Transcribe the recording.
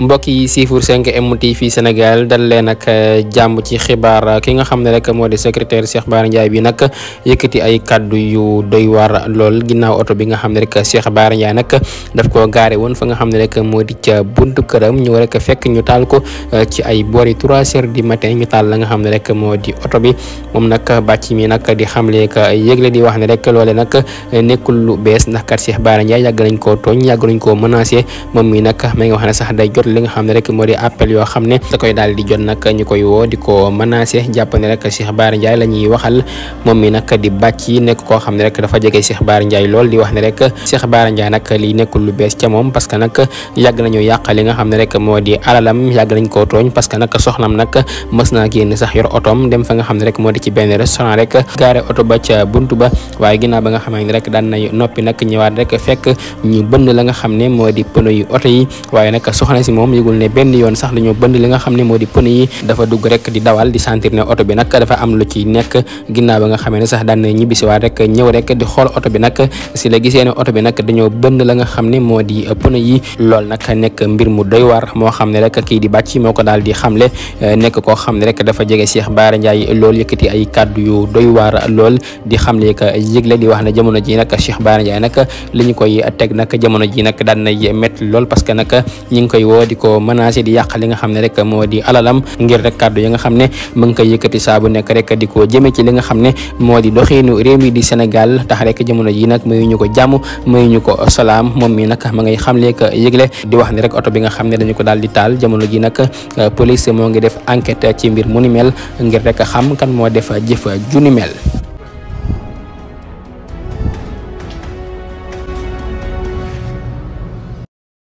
mbokk yi siifur 5M TV fii Sénégal dal leen ak eh, jàmm ci xibaar ki nga xam ne rek moo di secrétaire Cheikh Bara Ndiaye bi nag yëkkati ay kaddu yu doy waar lool ginnaaw oto bi nga xam ne rek Cheikh Bara nag daf koo gaare woon fa nga xam ne rek moo di ca buntu këram ñu rek fekk ñu taal ko eh, ci ay boori 3 heures du matin ñu taal la nga xam ne rek moo di oto bi moom nag bàcci mi nag di xam ka yëgle di wax ne rek loole nag eh, nekkul lu bees ndax kat Cheikh Bara Ndiaye yàgg nañ koo tooñ yàgg nañ koo menacé moom mi nag may nga wax ne sax day jot li nga xam ne rek moo di appel yoo xam ne da koy daal di jot nag ñu koy woo di ko menacé jàpp ne rek Cheikh Bara Ndiaye la ñuy waxal moom mi nag di bàcc nekk koo xam ne rek dafa jege Cheikh Bara njaay lool di wax ne rek Cheikh Bara Ndiaye nag lii nekkul lu bees ca moom parce que nag yàgg nañu yàq li nga xam ne rek moo di alalam yàgg nañ koo tooñ parce que nag soxnam nag mës naa génn sax yor otom dem fa nga xam ne rek moo di ci benn restaurant rek gaare oto ba ca buntu ba waaye ginnaaw ba nga xamee ne rek daan na noppi nag ñëwaat rek fekk ñu bënn la nga xam ne moo di pono yu oto yi moom yëgul ne benn yoon sax la ñoo bënd nga xam ne moo di pneu yi dafa dugg rek di dawal di sentir ne oto bi nag dafa am lu ci nekk ginnaaw ba nga xamee ne sax daan na ñibbisiwaat rek ñëw rek di xool oto bi nag si la gisee ne oto bi nag dañoo bënd la nga xam ne moo di pneu yi lool nag nekk mbir mu doy waar moo xam ne rek kii di bàcci moo ko daal di xam xamle eh, nekk koo xam ne rek dafa jege Cheikh Bara Ndiaye lool yëkkati ay kàddu yu doy waar lool di xam xamle ka yëgle di wax ne jamono ji nag Cheikh Bara Ndiaye nag li ñu koy teg nag jamono ji nag daan na métti di ko menacé di yàq li nga xam ne rek moo di alalam ngir rek kàddu yi nga xam ne mu ngi koy yëkkati saa bu nekk rek di ko jëme ci li nga xam ne moo di doxiinu réew mi di Sénégal tax rek jamono ji nag mayu ñu ko jàmm mayu ñu ko salaam moom mi nag ma ngay xamle ak yëgle di wax ni rek oto bi nga xam ne dañu ko daal di taal jamono ji nag police moo ngi def enquête ci mbir mu ni mel ngir rek xam kan moo def jëf ju ni mel